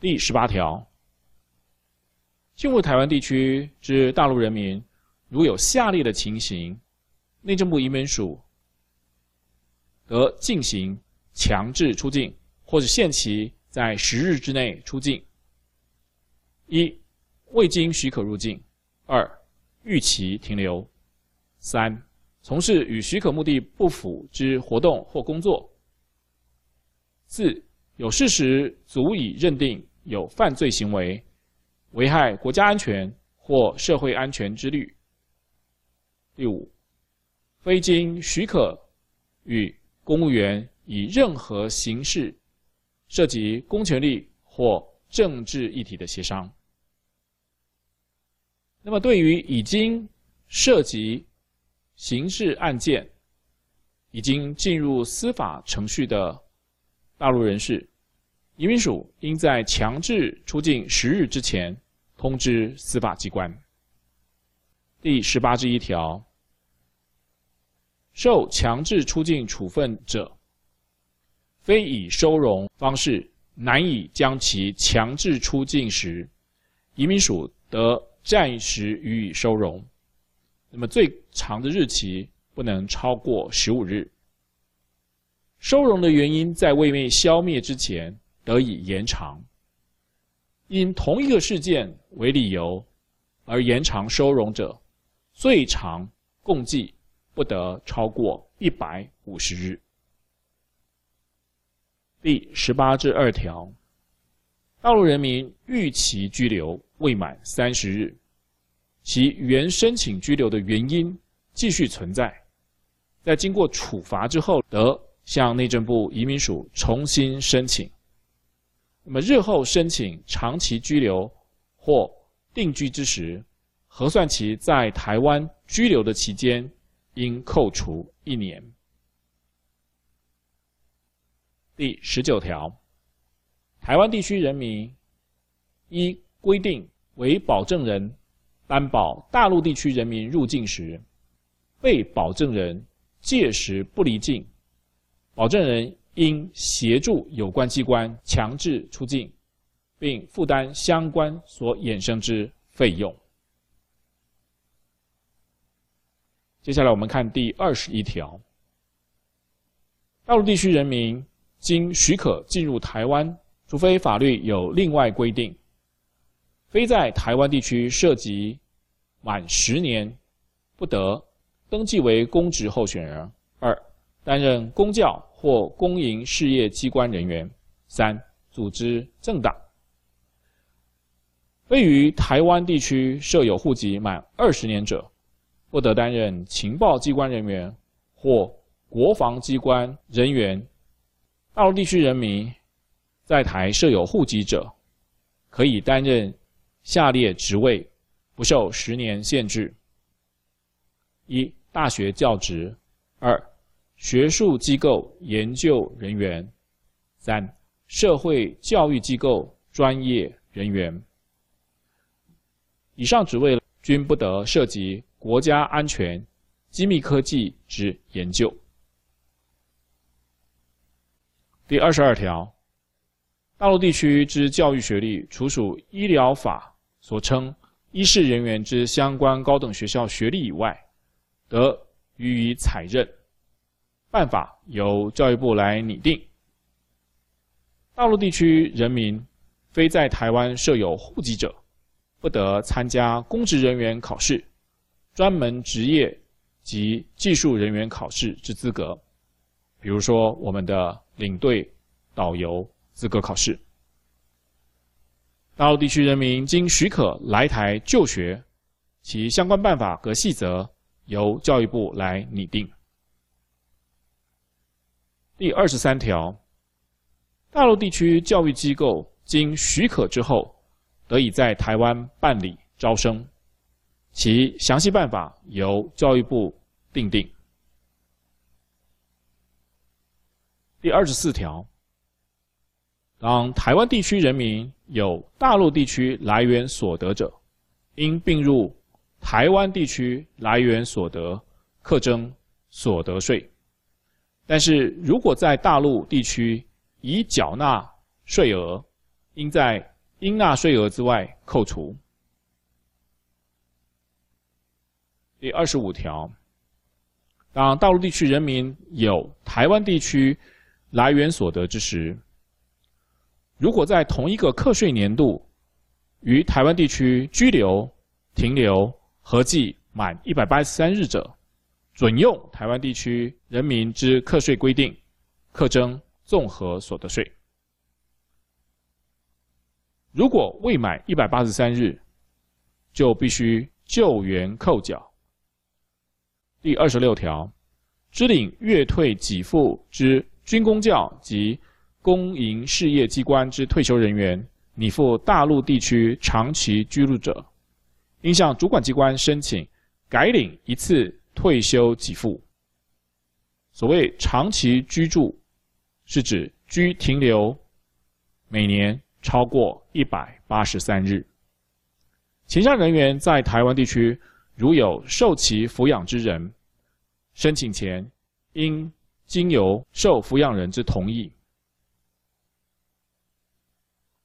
第十八條，進入台灣地區之大陸人民，如有下列的情形，內政部移民署得進行強制出境，或者限期在十日之內出境：一、未經許可入境；二、逾期停留；三、從事與許可目的不符之活動或工作；四、有事實足以認定有犯罪行為，危害國家安全或社會安全之虞。第五，未經許可，與公務員以任何形式涉及公權力或政治議題的協商。那麼，對於已經涉及刑事案件、已經進入司法程序的。大陸人士，移民署應在強制出境十日之前通知司法機關。第十八之一條，受強制出境處分者，非以收容方式難以將其強制出境時，移民署得暫時予以收容。那麼最長的日期不能超過十五日。收容的原因在未被消滅之前得以延長，因同一個事件為理由而延長收容者，最長共計不得超過一百五十日。第十八之二條，大陸人民逾期居留未滿三十日，其原申請居留的原因繼續存在，在經過處罰之後得。向內政部移民署重新申請。那麼日後申請長期居留或定居之時，核算其在台灣居留的期間，應扣除一年。第十九條，台灣地區人民依規定為保證人擔保大陸地區人民入境時，被保證人屆時不離境，保證人應協助有關機關強制出境，並負擔相關所衍生之費用。接下來我們看第二十一條。大陸地區人民經許可進入台灣，除非法律有另外規定，非在台灣地區涉及滿十年，不得登記為公職候選人。二、擔任公教或公營事業機關人員；三、組織政黨。位於台灣地區設有戶籍滿二十年者，不得擔任情報機關人員或國防機關人員。大陸地區人民在台設有戶籍者，可以擔任下列職位，不受十年限制：一、大學教職；二、學術機構研究人員，三、社會教育機構專業人員。以上職位均不得涉及國家安全、機密科技之研究。第二十二條，大陸地區之教育學歷，除屬醫療法所稱醫事人員之相關高等學校學歷以外，得予以採認。辦法由教育部來擬定。大陸地區人民非在台灣設有戶籍者，不得參加公職人員考試、專門職業及技術人員考試之資格，比如說我們的領隊、導遊資格考試。大陸地區人民經許可來台就學，其相關辦法和細則由教育部來擬定。第二十三條，大陸地區教育機構經許可之後，得以在台灣辦理招生，其詳細辦法由教育部訂定。第二十四條，當台灣地區人民有大陸地區來源所得者，應併入台灣地區來源所得課徵所得稅。但是如果在大陸地區已繳納稅額，應在應納稅額之外扣除。第二十五條，當大陸地區人民有台灣地區來源所得之時，如果在同一個課稅年度於台灣地區居留、停留合計滿一百八十三日者，準用台灣地區人民之課稅規定，課徵綜合所得稅。如果未滿一百八十三日，就必須就源扣繳。第二十六條，支領月退給付之軍公教及公營事業機關之退休人員，擬赴大陸地區長期居住者，應向主管機關申請改領一次退休給付。所謂長期居住，是指居停留每年超過一百八十三日。前項人員在台灣地區如有受其扶養之人，申請前應經由受扶養人之同意。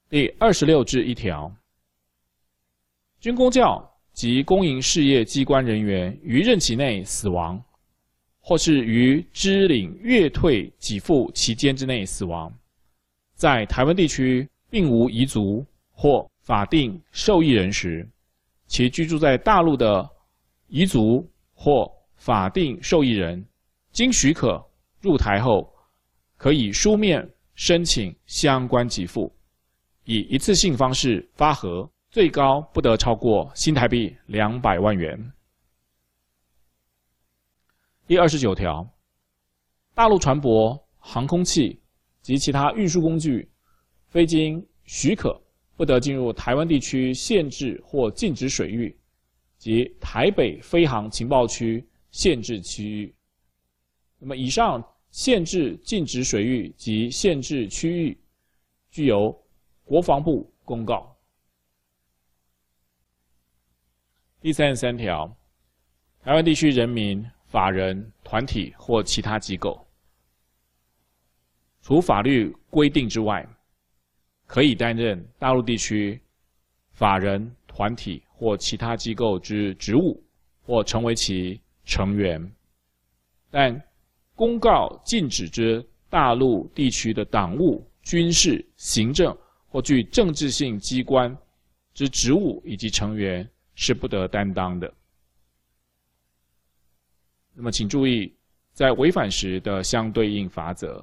第二十六至一條，軍公教。及公營事業機關人員於任期內死亡，或是於支領月退給付期間之內死亡，在台灣地區並無遺族或法定受益人時，其居住在大陸的遺族或法定受益人，經許可入台後，可以書面申請相關給付，以一次性方式發合最高不得超過新台幣兩百萬元。第二十九條，大陸船舶、航空器及其他運輸工具，非經許可，不得進入台灣地區限制或禁止水域及台北飛航情報區限制區域。那麼，以上限制、禁止水域及限制區域，具由國防部公告。第三十三條，台灣地區人民、法人、團體或其他機構，除法律規定之外，可以擔任大陸地區法人、團體或其他機構之職務或成為其成員，但公告禁止之大陸地區的黨務、軍事、行政或具政治性機關之職務以及成員，是不得擔當的。那麼，請注意，在違反時的相對應法則。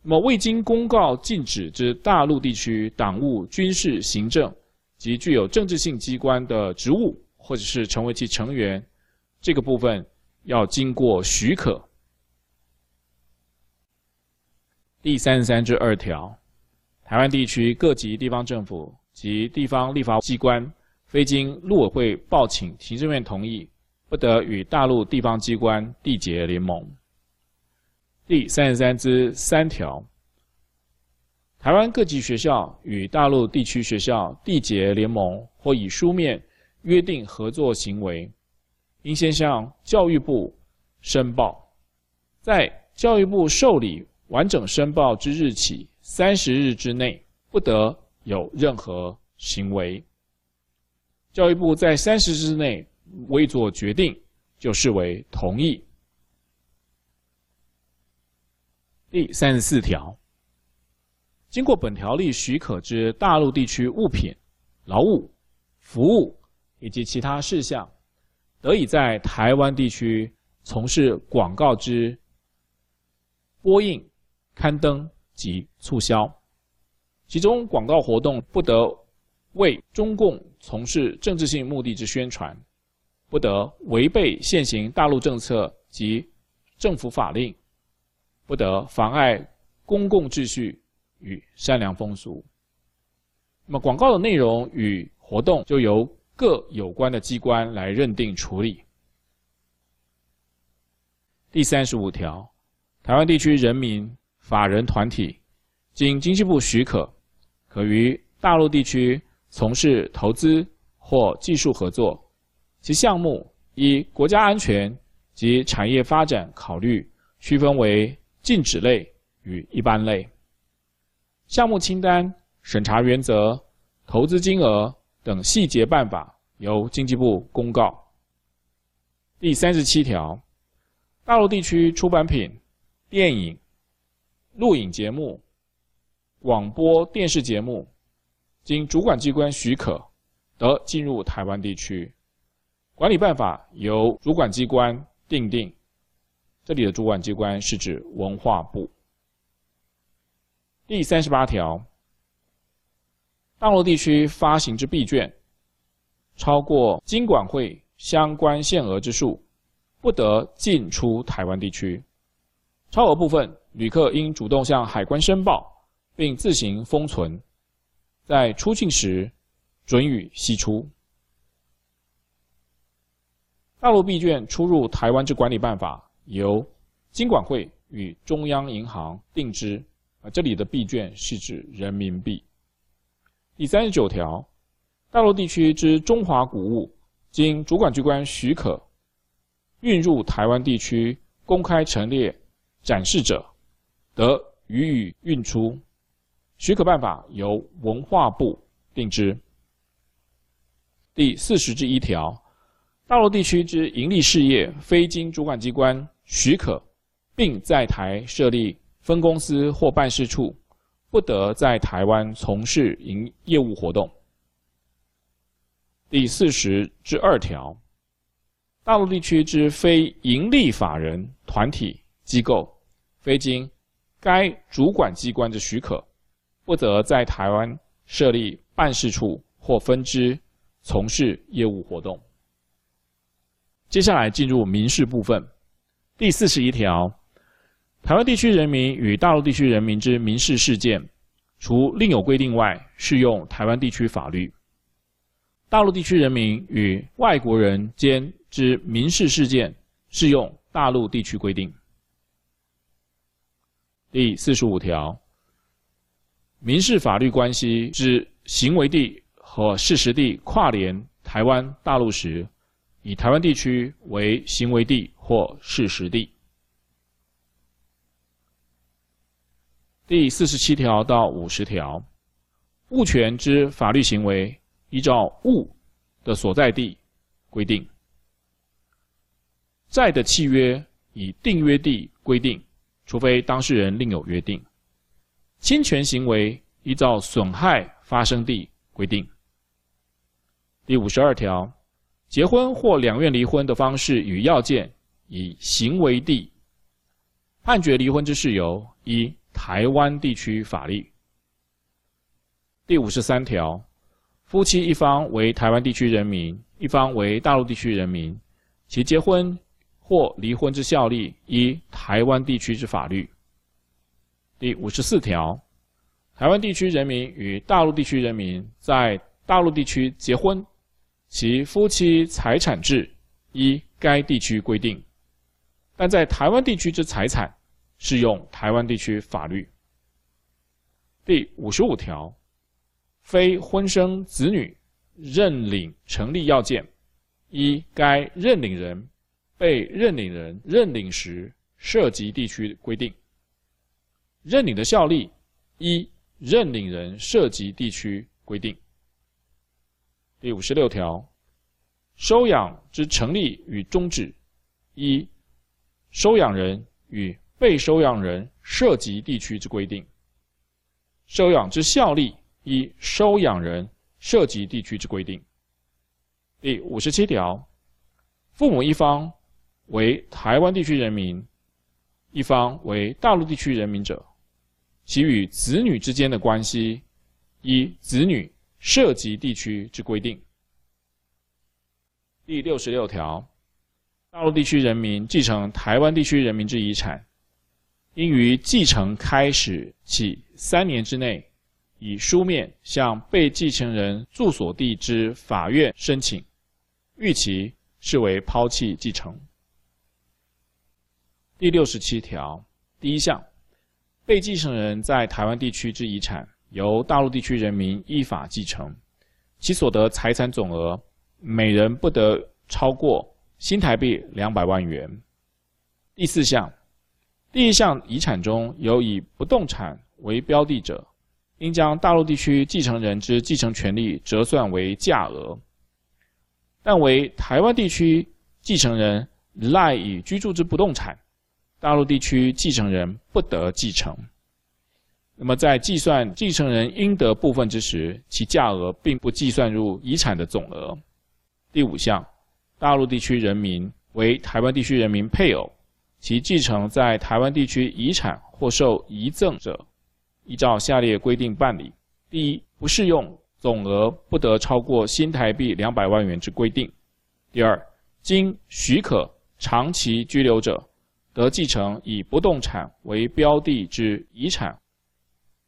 那麼，未經公告禁止之大陸地區黨務、軍事、行政及具有政治性機關的職務，或者是成為其成員，這個部分要經過許可。第三十三之二條，台灣地區各級地方政府及地方立法機關，未經陸委會報請行政院同意，不得與大陸地方機關締結聯盟。第三十三之三條，台灣各級學校與大陸地區學校締結聯盟或以書面約定合作行為，應先向教育部申報，在教育部受理完整申報之日起三十日之內，不得有任何行為。教育部在三十日內未做決定，就視為同意。第三十四條，經過本條例許可之大陸地區物品、勞務、服務以及其他事項，得以在台灣地區從事廣告之播映、刊登及促銷。其中廣告活動不得，為中共從事政治性目的之宣傳，不得違背現行大陸政策及政府法令，不得妨礙公共秩序與善良風俗。那麼，廣告的內容與活動就由各有關的機關來認定處理。第三十五條，臺灣地區人民、法人團體，經經濟部許可，可於大陸地區。從事投資或技術合作，其項目以國家安全及產業發展考慮，區分為禁止類與一般類。項目清單、審查原則、投資金額等細節辦法由經濟部公告。第三十七條，大陸地區出版品、電影、錄影節目、廣播電視節目。經主管機關許可，得進入台灣地區。管理辦法由主管機關訂定。這裡的主管機關是指文化部。第三十八條，大陸地區發行之幣券，超過金管會相關限額之數，不得進出台灣地區。超額部分，旅客應主動向海關申報，並自行封存。在出境時，准予析出。大陸幣券出入台灣之管理辦法，由金管會與中央銀行定之。啊，這裡的幣券是指人民幣。第三十九條，大陸地區之中華古物，經主管機關許可，運入台灣地區公開陳列展示者，得予以運出。許可辦法由文化部訂之。第四十之一條，大陸地區之營利事業，非經主管機關許可，並在台設立分公司或辦事處，不得在台灣從事營業務活動。第四十之二條，大陸地區之非營利法人、團體、機構，非經該主管機關之許可，不得在台灣設立辦事處或分支，從事業務活動。接下來進入民事部分。第四十一條，台灣地區人民與大陸地區人民之民事事件，除另有規定外，適用台灣地區法律。大陸地區人民與外國人間之民事事件，適用大陸地區規定。第四十五條。民事法律關係之行為地和事實地跨連台灣、大陸時，以台灣地區為行為地或事實地。第四十七條到五十條，物權之法律行為依照物的所在地規定。債的契約以訂約地規定，除非當事人另有約定。侵權行為依照損害發生地規定。第五十二條，結婚或兩願離婚的方式與要件以行為地。判決離婚之事由依台灣地區法律。第五十三條，夫妻一方為台灣地區人民，一方為大陸地區人民，其結婚或離婚之效力依台灣地區之法律。第五十四條，台灣地區人民與大陸地區人民在大陸地區結婚，其夫妻財產制依該地區規定，但在台灣地區之財產適用台灣地區法律。第五十五條，非婚生子女認領成立要件，依該認領人被認領人認領時設籍地區規定。認領的效力，依認領人涉及地區規定。第五十六條，收養之成立與終止，依收養人與被收養人涉及地區之規定。收養之效力，依收養人涉及地區之規定。第五十七條，父母一方為台灣地區人民，一方為大陸地區人民者。其與子女之間的關係，依子女設籍地區之規定。第六十六條，大陸地區人民繼承台灣地區人民之遺產，應於繼承開始起三年之內，以書面向被繼承人住所地之法院申請，逾期視為拋棄繼承。第六十七條第一項。被繼承人在臺灣地區之遺產，由大陸地區人民依法繼承，其所得財產總額，每人不得超過新台幣兩百萬元。第四項，第一項遺產中有以不動產為標的者，應將大陸地區繼承人之繼承權利折算為價額，但為臺灣地區繼承人賴以居住之不動產，大陸地區繼承人不得繼承。那麼，在計算繼承人應得部分之時，其價額並不計算入遺產的總額。第五項，大陸地區人民為台灣地區人民配偶，其繼承在台灣地區遺產或受遺贈者，依照下列規定辦理：第一，不適用總額不得超過新台幣兩百萬元之規定；第二，經許可長期居留者。得繼承以不動產為標的之遺產，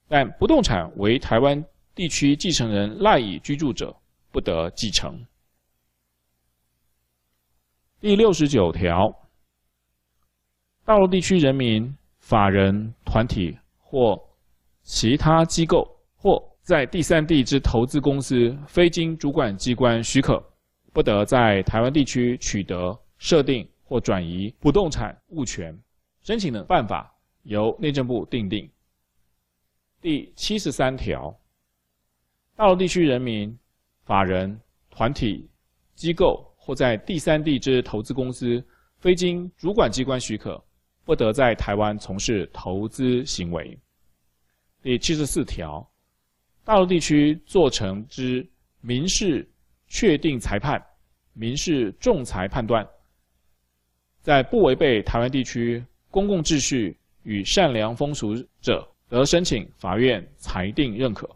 但不動產為台灣地區繼承人賴以居住者，不得繼承。第六十九條，大陸地區人民、法人、團體或其他機構，或在第三地之投資公司，非經主管機關許可，不得在台灣地區取得設定。或轉移不動產物權申請的辦法，由內政部訂定。第七十三條，大陸地區人民、法人、團體、機構或在第三地之投資公司，非經主管機關許可，不得在台灣從事投資行為。第七十四條，大陸地區做成之民事確定裁判、民事仲裁判斷。在不違背台灣地區公共秩序與善良風俗者，得申請法院裁定認可。